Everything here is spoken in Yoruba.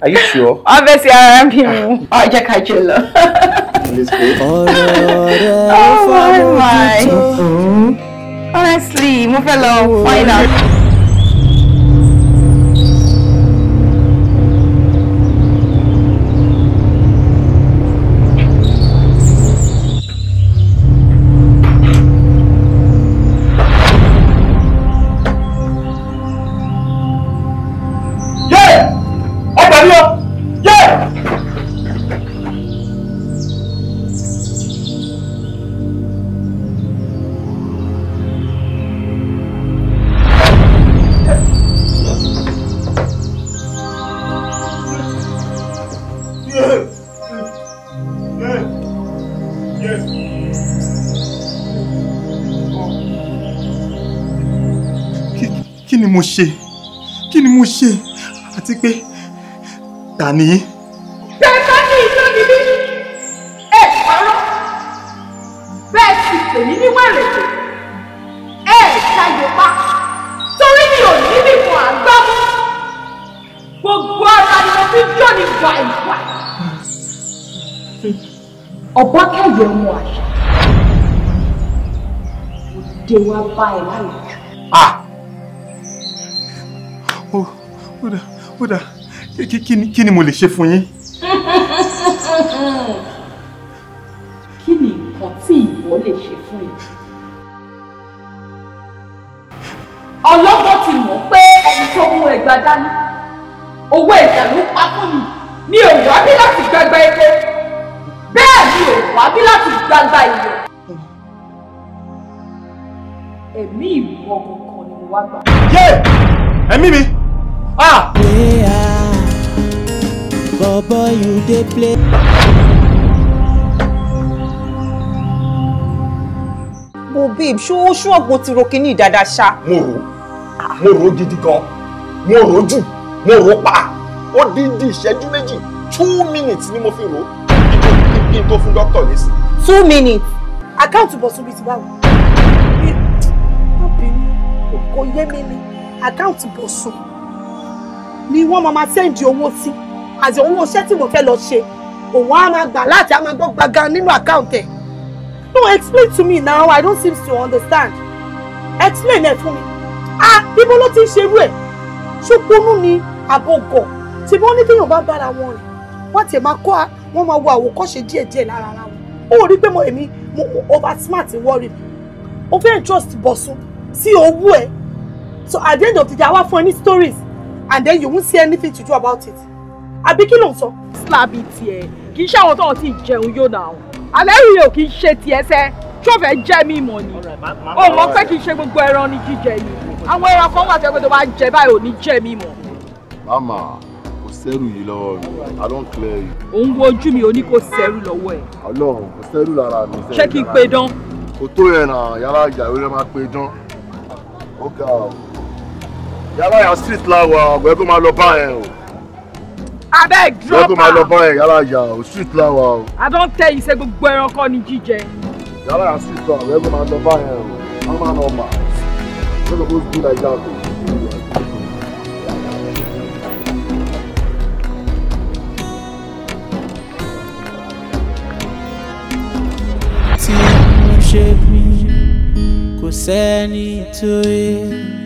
Are you sure? Obviously, I am him. I just ká jẹ Oh my Honestly, move along. lọ find out. kí ni mo ṣe kí ni mo ṣe àti pé ta ni. bẹ́ẹ̀ bá ní ìjọ níbí ẹ parọ́ bẹ́ẹ̀ sì pè mí ní wẹrẹjẹ ẹ ṣayọ pa torí mi ò ní bí mo àgbá mú gbogbo ara ni mo fi jọ ní gbà ìgbà. ọba kẹyẹ ọmọ àṣà òde wa bá ẹ láyé jù ó dà ó dà kí ni mo lè ṣe fún yín. kí ni nǹkan tí ìwọ lè ṣe fún yín. ọlọ́gbọ́n ti mọ̀ pé ẹni tó mú ẹgbà dání owó ẹ̀jẹ̀ ló pa fún mi mi ò wá bí láti gbàgbà epo bẹ́ẹ̀ mi ò wá bí láti gbàgbà ìyọ̀. ẹ̀mí ìwọ kankan ni mo wá gbà. ẹ̀mí mi. Ah! Oh, Bobo, you dey play. Mo babe, ṣó ṣó ọ̀gbọ́n ti ro kíní dáadáa ṣá. Mo rò mo rò gidi gan, mo rò jù, mo rò pa. Ó dídí ìṣẹ́jú méjì, two minutes ni mo fi rò ó kí n tó fún dókítà lésì. Two minutes? Àkáǹtì bọ̀ sóbi ti báwo? Má bínú, kò yé mi ni, àkáǹtì bọ̀ sùn ni wọ́n máa máa sẹ́ǹdì owó sí àti owó iṣẹ́ tí mo fẹ́ lọ ṣe òun á máa gbà láti á máa gbọ́ gbaga nínú àkáǹtì ẹ̀ no explain to me now I don't seem to understand explain ẹ̀ fún mi ah ibo ló ti ń ṣe irú ẹ̀ ṣùgbọ́nú ni àbọ̀gọ̀ tí wọ́n ní téèyàn bá bára wọn rìn wọ́n ti máa kọ́ wọ́n máa wo àwòkọ́ṣe díẹ̀díẹ̀ lára ara wọn ó rí pé mo èmi mo over smart worry mi o fẹ́ẹ̀ trust bọ̀sùn sí owó ẹ̀ so at the end of the day àwa fún ẹ ní stories and then you won't see anything to do about it. Àbí kí ló ń sọ? Slabby tiẹ̀, kì í ṣe to tó ń ti jẹun yóò náà. Àlẹ́ ìrìn ò kì í ṣe tiẹ̀ sẹ́, tí ò fẹ́ jẹ́ mí mọ̀ ni. O mọ̀ pé kì í ṣe gbogbo ẹran ni jíjẹ ni. Àwọn ẹran kan wà tó yẹ pé tó bá jẹ báyìí ò ní jẹ́ mí mọ̀. Màmá, kò sẹ́rù yìí I don clear you. Òun wo ojú mi, o ní kò sẹ́rù lọ́wọ́ ẹ̀. Ọlọ́run, kò sẹ́rù mi. Ṣé kí n pe dán? Kò tó yẹn náà, yàrá ìjà ìwé rẹ̀ pe dán. Ó yàrá yà street la wà kó máa lọ bá ẹ o. abeg drop am. ọ̀gbẹ́ kó máa lọ bá ẹ yàrá yà o street la o. i don tell you say gbogbo ẹranko ni jíjẹ. yàrá yà street la ọ̀gbẹ́ kó máa lọ bá ẹ o wọ́n máa lọ mà á ṣé kò tó o. tí mo ṣe bí kò sẹ́ni tó yẹ.